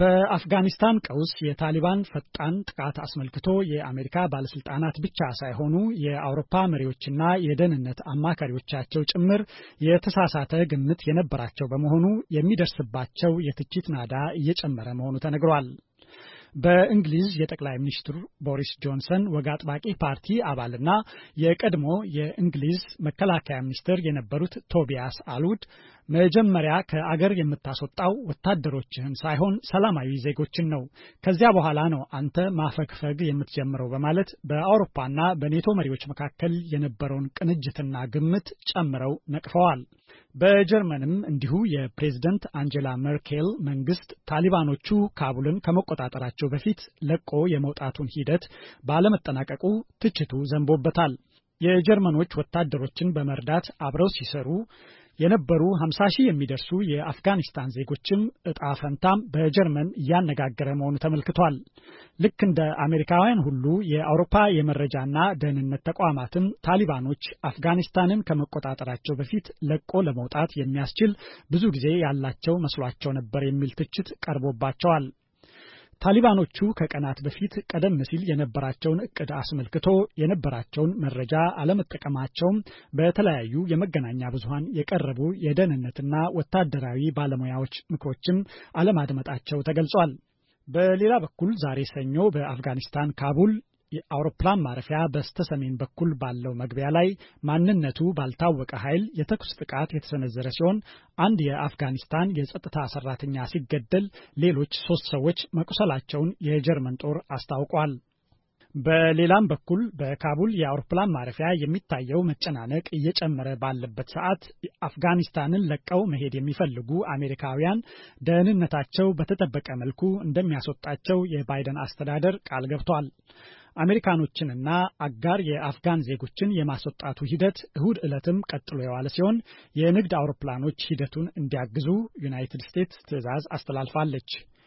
በአፍጋኒስታን ቀውስ የታሊባን ፈጣን ጥቃት አስመልክቶ የአሜሪካ ባለስልጣናት ብቻ ሳይሆኑ የአውሮፓ መሪዎችና የደህንነት አማካሪዎቻቸው ጭምር የተሳሳተ ግምት የነበራቸው በመሆኑ የሚደርስባቸው የትችት ናዳ እየጨመረ መሆኑ ተነግሯል። በእንግሊዝ የጠቅላይ ሚኒስትር ቦሪስ ጆንሰን ወግ አጥባቂ ፓርቲ አባልና የቀድሞ የእንግሊዝ መከላከያ ሚኒስትር የነበሩት ቶቢያስ አልውድ መጀመሪያ ከአገር የምታስወጣው ወታደሮችህን ሳይሆን ሰላማዊ ዜጎችን ነው። ከዚያ በኋላ ነው አንተ ማፈግፈግ የምትጀምረው በማለት በአውሮፓና በኔቶ መሪዎች መካከል የነበረውን ቅንጅትና ግምት ጨምረው ነቅፈዋል። በጀርመንም እንዲሁ የፕሬዝደንት አንጀላ መርኬል መንግስት ታሊባኖቹ ካቡልን ከመቆጣጠራቸው በፊት ለቆ የመውጣቱን ሂደት ባለመጠናቀቁ ትችቱ ዘንቦበታል። የጀርመኖች ወታደሮችን በመርዳት አብረው ሲሰሩ የነበሩ 50 ሺህ የሚደርሱ የአፍጋኒስታን ዜጎችም እጣ ፈንታም በጀርመን እያነጋገረ መሆኑ ተመልክቷል። ልክ እንደ አሜሪካውያን ሁሉ የአውሮፓ የመረጃና ደህንነት ተቋማትም ታሊባኖች አፍጋኒስታንን ከመቆጣጠራቸው በፊት ለቆ ለመውጣት የሚያስችል ብዙ ጊዜ ያላቸው መስሏቸው ነበር የሚል ትችት ቀርቦባቸዋል። ታሊባኖቹ ከቀናት በፊት ቀደም ሲል የነበራቸውን እቅድ አስመልክቶ የነበራቸውን መረጃ አለመጠቀማቸውም በተለያዩ የመገናኛ ብዙኃን የቀረቡ የደህንነትና ወታደራዊ ባለሙያዎች ምክሮችም አለማድመጣቸው ተገልጿል። በሌላ በኩል ዛሬ ሰኞ በአፍጋኒስታን ካቡል የአውሮፕላን ማረፊያ በስተ ሰሜን በኩል ባለው መግቢያ ላይ ማንነቱ ባልታወቀ ኃይል የተኩስ ጥቃት የተሰነዘረ ሲሆን አንድ የአፍጋኒስታን የጸጥታ ሰራተኛ ሲገደል ሌሎች ሶስት ሰዎች መቁሰላቸውን የጀርመን ጦር አስታውቋል። በሌላም በኩል በካቡል የአውሮፕላን ማረፊያ የሚታየው መጨናነቅ እየጨመረ ባለበት ሰዓት አፍጋኒስታንን ለቀው መሄድ የሚፈልጉ አሜሪካውያን ደህንነታቸው በተጠበቀ መልኩ እንደሚያስወጣቸው የባይደን አስተዳደር ቃል ገብቷል። አሜሪካኖችንና አጋር የአፍጋን ዜጎችን የማስወጣቱ ሂደት እሁድ ዕለትም ቀጥሎ የዋለ ሲሆን የንግድ አውሮፕላኖች ሂደቱን እንዲያግዙ ዩናይትድ ስቴትስ ትዕዛዝ አስተላልፋለች።